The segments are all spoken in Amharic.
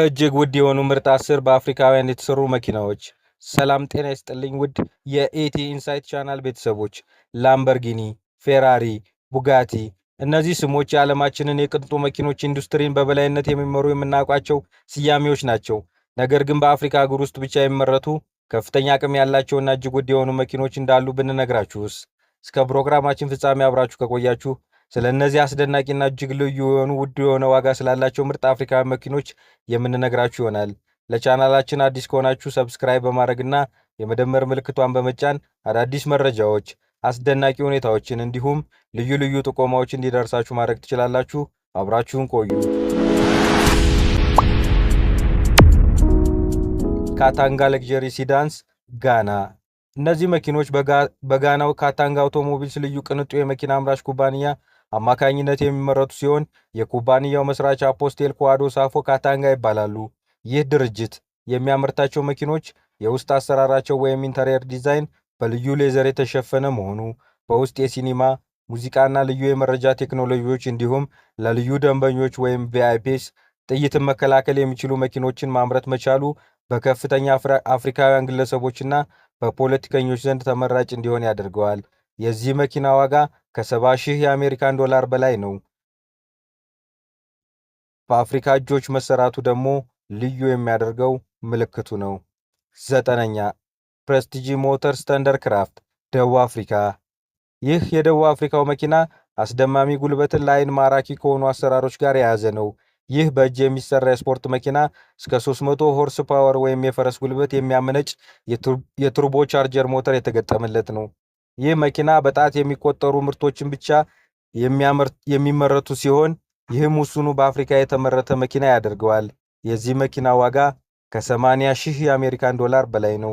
እጅግ ውድ የሆኑ ምርጥ አስር በአፍሪካውያን የተሰሩ መኪናዎች። ሰላም ጤና ይስጥልኝ ውድ የኤቲ ኢንሳይት ቻናል ቤተሰቦች፣ ላምበርጊኒ፣ ፌራሪ፣ ቡጋቲ እነዚህ ስሞች የዓለማችንን የቅንጡ መኪኖች ኢንዱስትሪን በበላይነት የሚመሩ የምናውቋቸው ስያሜዎች ናቸው። ነገር ግን በአፍሪካ አገር ውስጥ ብቻ የሚመረቱ ከፍተኛ አቅም ያላቸውና እጅግ ውድ የሆኑ መኪኖች እንዳሉ ብንነግራችሁስ? እስከ ፕሮግራማችን ፍጻሜ አብራችሁ ከቆያችሁ ስለ እነዚህ አስደናቂና እጅግ ልዩ የሆኑ ውድ የሆነ ዋጋ ስላላቸው ምርጥ አፍሪካዊ መኪኖች የምንነግራችሁ ይሆናል። ለቻናላችን አዲስ ከሆናችሁ ሰብስክራይብ በማድረግና የመደመር ምልክቷን በመጫን አዳዲስ መረጃዎች፣ አስደናቂ ሁኔታዎችን እንዲሁም ልዩ ልዩ ጥቆማዎች እንዲደርሳችሁ ማድረግ ትችላላችሁ። አብራችሁን ቆዩ። ካታንጋ ለግዠሪ ሲዳንስ ጋና እነዚህ መኪኖች በጋናው ካታንጋ አውቶሞቢልስ ልዩ ቅንጡ የመኪና አምራች ኩባንያ አማካኝነት የሚመረቱ ሲሆን የኩባንያው መስራች አፖስቴል ኩዋዶ ሳፎ ካታንጋ ይባላሉ። ይህ ድርጅት የሚያመርታቸው መኪኖች የውስጥ አሰራራቸው ወይም ኢንተሪየር ዲዛይን በልዩ ሌዘር የተሸፈነ መሆኑ በውስጥ የሲኒማ ሙዚቃና ልዩ የመረጃ ቴክኖሎጂዎች እንዲሁም ለልዩ ደንበኞች ወይም ቪአይፒስ ጥይትን መከላከል የሚችሉ መኪኖችን ማምረት መቻሉ በከፍተኛ አፍሪካውያን ግለሰቦችና በፖለቲከኞች ዘንድ ተመራጭ እንዲሆን ያደርገዋል። የዚህ መኪና ዋጋ ከ70 ሺህ የአሜሪካን ዶላር በላይ ነው። በአፍሪካ እጆች መሰራቱ ደግሞ ልዩ የሚያደርገው ምልክቱ ነው። ዘጠነኛ ፕሬስቲጂ ሞተርስ ተንደርክራፍት ደቡብ አፍሪካ። ይህ የደቡብ አፍሪካው መኪና አስደማሚ ጉልበትን ለአይን ማራኪ ከሆኑ አሰራሮች ጋር የያዘ ነው። ይህ በእጅ የሚሰራ የስፖርት መኪና እስከ 300 ሆርስ ፓወር ወይም የፈረስ ጉልበት የሚያመነጭ የቱርቦ ቻርጀር ሞተር የተገጠመለት ነው። ይህ መኪና በጣት የሚቆጠሩ ምርቶችን ብቻ የሚመረቱ ሲሆን ይህም ውሱኑ በአፍሪካ የተመረተ መኪና ያደርገዋል። የዚህ መኪና ዋጋ ከ80 ሺህ የአሜሪካን ዶላር በላይ ነው።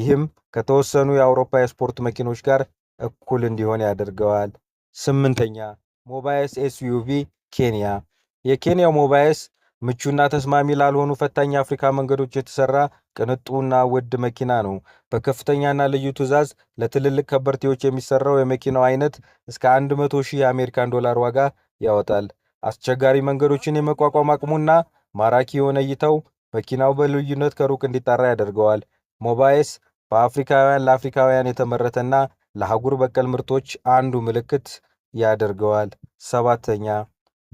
ይህም ከተወሰኑ የአውሮፓ የስፖርት መኪኖች ጋር እኩል እንዲሆን ያደርገዋል። ስምንተኛ ሞባይስ ኤስዩቪ ኬንያ። የኬንያው ሞባይስ ምቹና ተስማሚ ላልሆኑ ፈታኝ የአፍሪካ መንገዶች የተሰራ ቅንጡና ውድ መኪና ነው። በከፍተኛና ልዩ ትዕዛዝ ለትልልቅ ከበርቴዎች የሚሰራው የመኪናው አይነት እስከ 100 ሺህ የአሜሪካን ዶላር ዋጋ ያወጣል። አስቸጋሪ መንገዶችን የመቋቋም አቅሙና ማራኪ የሆነ እይታው መኪናው በልዩነት ከሩቅ እንዲጣራ ያደርገዋል። ሞባይስ በአፍሪካውያን ለአፍሪካውያን የተመረተና ለአህጉር በቀል ምርቶች አንዱ ምልክት ያደርገዋል። ሰባተኛ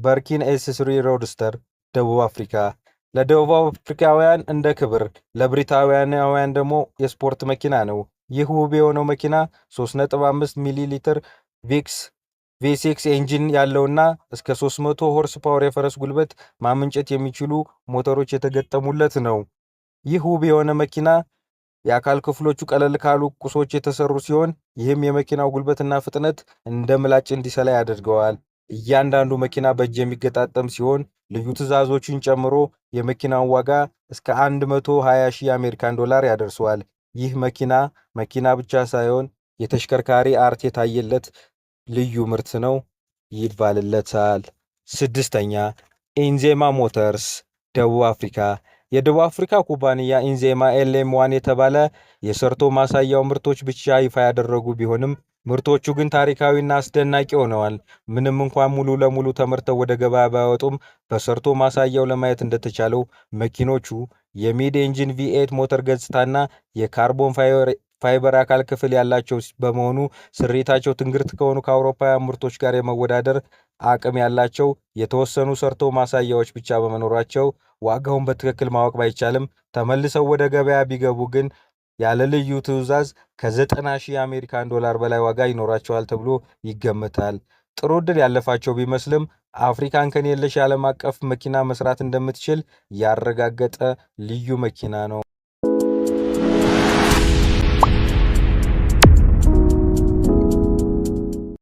በርኪን ኤስ ሮድስተር ደቡብ አፍሪካ ለደቡብ አፍሪካውያን እንደ ክብር፣ ለብሪታውያናውያን ደግሞ የስፖርት መኪና ነው። ይህ ውብ የሆነው መኪና 3.5 ሚሊ ሊትር ቪክስ 6 ኤንጂን ያለውና እስከ 300 ሆርስ ፓወር የፈረስ ጉልበት ማመንጨት የሚችሉ ሞተሮች የተገጠሙለት ነው። ይህ ውብ የሆነ መኪና የአካል ክፍሎቹ ቀለል ካሉ ቁሶች የተሰሩ ሲሆን ይህም የመኪናው ጉልበትና ፍጥነት እንደ ምላጭ እንዲሰላ ያደርገዋል። እያንዳንዱ መኪና በእጅ የሚገጣጠም ሲሆን፣ ልዩ ትዕዛዞችን ጨምሮ የመኪናውን ዋጋ እስከ 120 ሺህ የአሜሪካን ዶላር ያደርሰዋል። ይህ መኪና መኪና ብቻ ሳይሆን የተሽከርካሪ አርት የታየለት ልዩ ምርት ነው ይባልለታል። ስድስተኛ ኢንዜማ ሞተርስ ደቡብ አፍሪካ። የደቡብ አፍሪካ ኩባንያ ኢንዜማ ኤልኤም ዋን የተባለ የሰርቶ ማሳያው ምርቶች ብቻ ይፋ ያደረጉ ቢሆንም ምርቶቹ ግን ታሪካዊና አስደናቂ ሆነዋል። ምንም እንኳን ሙሉ ለሙሉ ተመርተው ወደ ገበያ ባይወጡም በሰርቶ ማሳያው ለማየት እንደተቻለው መኪኖቹ የሚድ ኢንጂን ቪኤት ሞተር ገጽታና የካርቦን ፋይበር አካል ክፍል ያላቸው በመሆኑ ስሪታቸው ትንግርት ከሆኑ ከአውሮፓውያን ምርቶች ጋር የመወዳደር አቅም ያላቸው የተወሰኑ ሰርቶ ማሳያዎች ብቻ በመኖራቸው ዋጋውን በትክክል ማወቅ ባይቻልም ተመልሰው ወደ ገበያ ቢገቡ ግን ያለ ልዩ ትዕዛዝ ከ90 ሺህ የአሜሪካን ዶላር በላይ ዋጋ ይኖራቸዋል ተብሎ ይገመታል። ጥሩ ዕድል ያለፋቸው ቢመስልም አፍሪካን ከን የለሽ የዓለም አቀፍ መኪና መስራት እንደምትችል ያረጋገጠ ልዩ መኪና ነው።